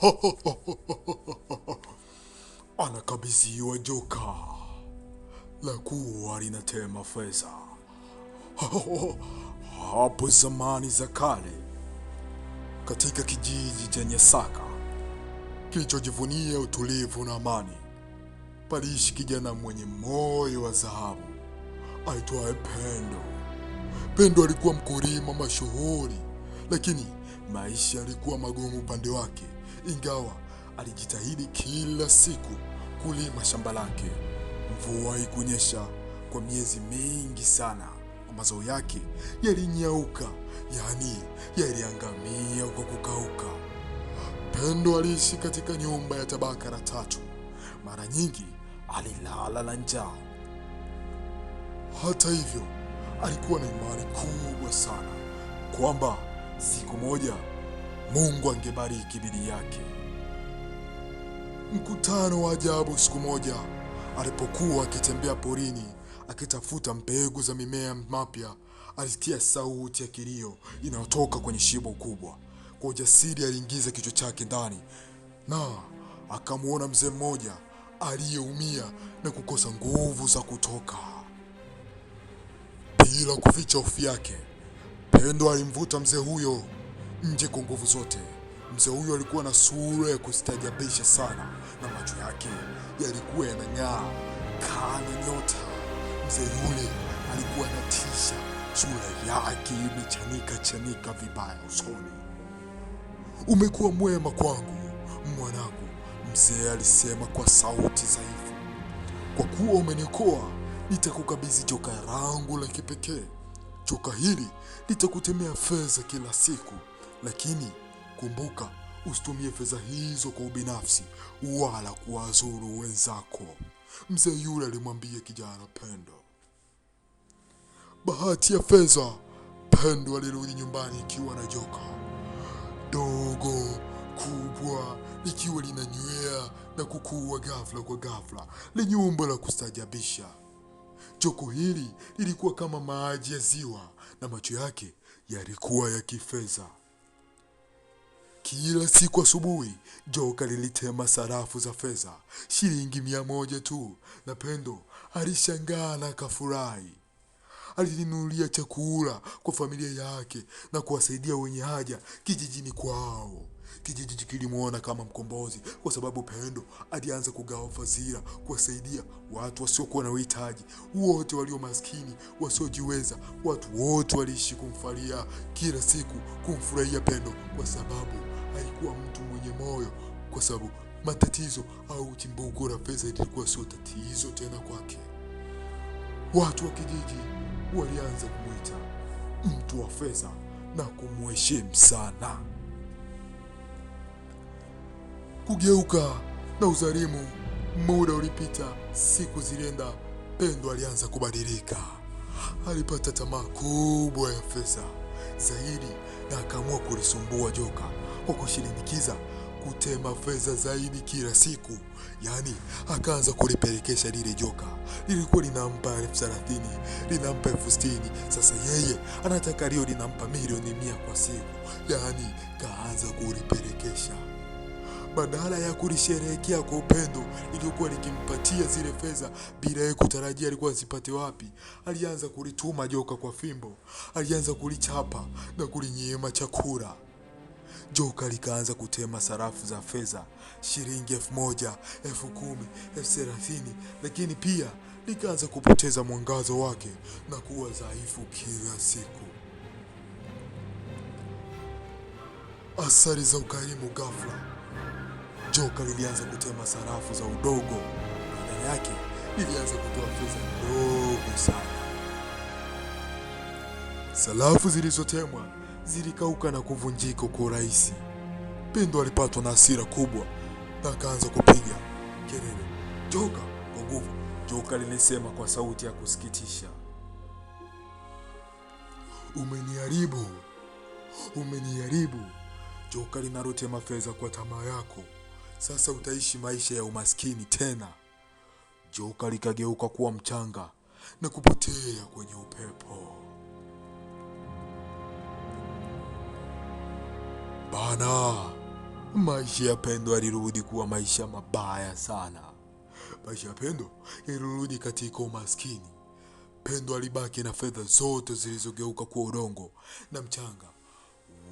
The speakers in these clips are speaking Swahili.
anakabidhiwa joka la kuwa linatema fedha. Hapo zamani za kale, katika kijiji cha Nyasaka kilichojivunia utulivu na amani, paliishi kijana mwenye moyo wa dhahabu aitwaye Pendo. Pendo alikuwa mkulima mashuhuri, lakini maisha yalikuwa magumu upande wake ingawa alijitahidi kila siku kulima shamba lake. Mvua ikunyesha kwa miezi mingi sana, mazao yake yalinyauka, yaani yaliangamia kwa kukauka. Pendo aliishi katika nyumba ya tabaka la tatu. Mara nyingi alilala na njaa. Hata hivyo, alikuwa na imani kubwa sana kwamba siku moja Mungu angebariki bidii yake. Mkutano wa ajabu. Siku moja alipokuwa akitembea porini akitafuta mbegu za mimea mapya, alisikia sauti ya kilio inayotoka kwenye shimo kubwa. Kwa ujasiri aliingiza kichwa chake ndani na akamwona mzee mmoja aliyeumia na kukosa nguvu za kutoka. Bila kuficha hofu yake, Pendo alimvuta mzee huyo nje kwa nguvu zote. Mzee huyo alikuwa na sura ya kustajabisha sana, na macho yake yalikuwa yanang'aa kana nyota. Mzee yule alikuwa anatisha, sura yake imechanika chanika vibaya usoni. Umekuwa mwema kwangu mwanangu, mzee alisema kwa sauti dhaifu, kwa kuwa umenikoa, nitakukabidhi joka langu la kipekee. Joka hili litakutemea fedha kila siku lakini kumbuka, usitumie fedha hizo kwa ubinafsi wala kuwazuru wenzako, mzee yule alimwambia kijana Pendo. Bahati ya fedha, Pendo alirudi nyumbani ikiwa na joka dogo kubwa likiwa linanywea na kukua ghafla kwa ghafla, lenye umbo la kustajabisha. Joko hili lilikuwa kama maji ya ziwa na macho yake yalikuwa ya kifedha. Kila siku asubuhi joka lilitema sarafu za fedha shilingi mia moja tu, na Pendo alishangaa na akafurahi. Alijinunulia chakula kwa familia yake na kuwasaidia wenye haja kijijini kwao. Kijiji kilimwona kama mkombozi, kwa sababu Pendo alianza kugawa fadhila, kuwasaidia watu wasiokuwa na uhitaji, wote walio maskini, wasiojiweza. Watu wote waliishi kumfalia kila siku, kumfurahia Pendo kwa sababu alikuwa mtu mwenye moyo, kwa sababu matatizo au chimbuko la pesa lilikuwa sio tatizo tena kwake. Watu wa kijiji walianza kumwita mtu wa fedha na kumheshimu sana. Kugeuka na uzalimu Muda ulipita, siku zilienda. Pendo alianza kubadilika, alipata tamaa kubwa ya pesa zaidi na akaamua kulisumbua joka kwa kushinikiza kutema fedha zaidi kila siku, yaani akaanza kulipelekesha lile joka. Lilikuwa linampa elfu thelathini linampa elfu sitini Sasa yeye anataka lio linampa milioni mia kwa siku, yaani kaanza kulipelekesha. Badala ya kulisherehekea kwa upendo iliyokuwa likimpatia zile fedha bila yeye kutarajia alikuwa azipate wapi, alianza kulituma joka kwa fimbo, alianza kulichapa na kulinyima chakula. Joka likaanza kutema sarafu za fedha, shilingi elfu moja, elfu kumi, elfu thelathini, lakini pia likaanza kupoteza mwangazo wake na kuwa dhaifu kila siku. Athari za ukarimu. Ghafla joka lilianza kutema sarafu za udogo, badala yake lilianza kutoa fedha ndogo sana. Sarafu zilizotemwa zilikauka na kuvunjika kwa urahisi. Pendo alipatwa na hasira kubwa na akaanza kupiga kelele, joka kwa nguvu. Joka lilisema kwa sauti ya kusikitisha, umeniharibu, umeniharibu. Joka linarutema fedha kwa tamaa yako, sasa utaishi maisha ya umaskini tena. Joka likageuka kuwa mchanga na kupotea kwenye upepo. sana. Maisha ya Pendo yalirudi kuwa maisha mabaya sana. Maisha ya Pendo yalirudi katika umaskini. Pendo alibaki na fedha zote zilizogeuka kuwa udongo na mchanga.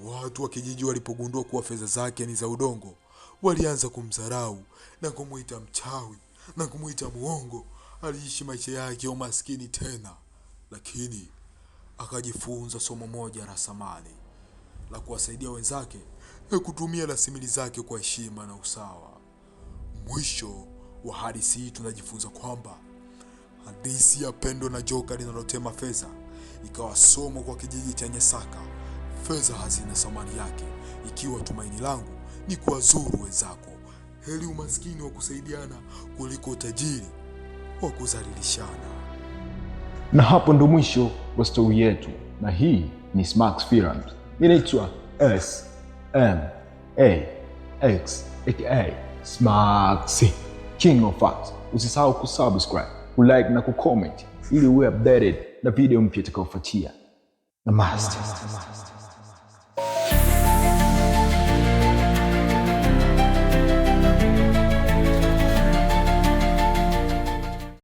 Watu wa kijiji walipogundua kuwa fedha zake ni za udongo, walianza kumdharau na kumwita mchawi na kumwita muongo. Aliishi maisha yake ya umaskini tena, lakini akajifunza somo moja la samani la kuwasaidia wenzake kutumia rasimili zake kwa heshima na usawa. Mwisho wa hadithi hii tunajifunza kwamba hadithi ya Pendo na joka linalotema fedha ikawa somo kwa kijiji cha nyasaka Fedha hazina thamani yake, ikiwa tumaini langu ni kuwazuru wenzako. Heri umaskini wa kusaidiana kuliko utajiri wa kuzalilishana Na hapo ndo mwisho wa stori yetu, na hii ni Smax Films. Ninaitwa S m a x aka Smax King of Facts. Usisahau kusubscribe, kulike na kucomment ili uwe updated na video mpya itakayofuatia. Namaste.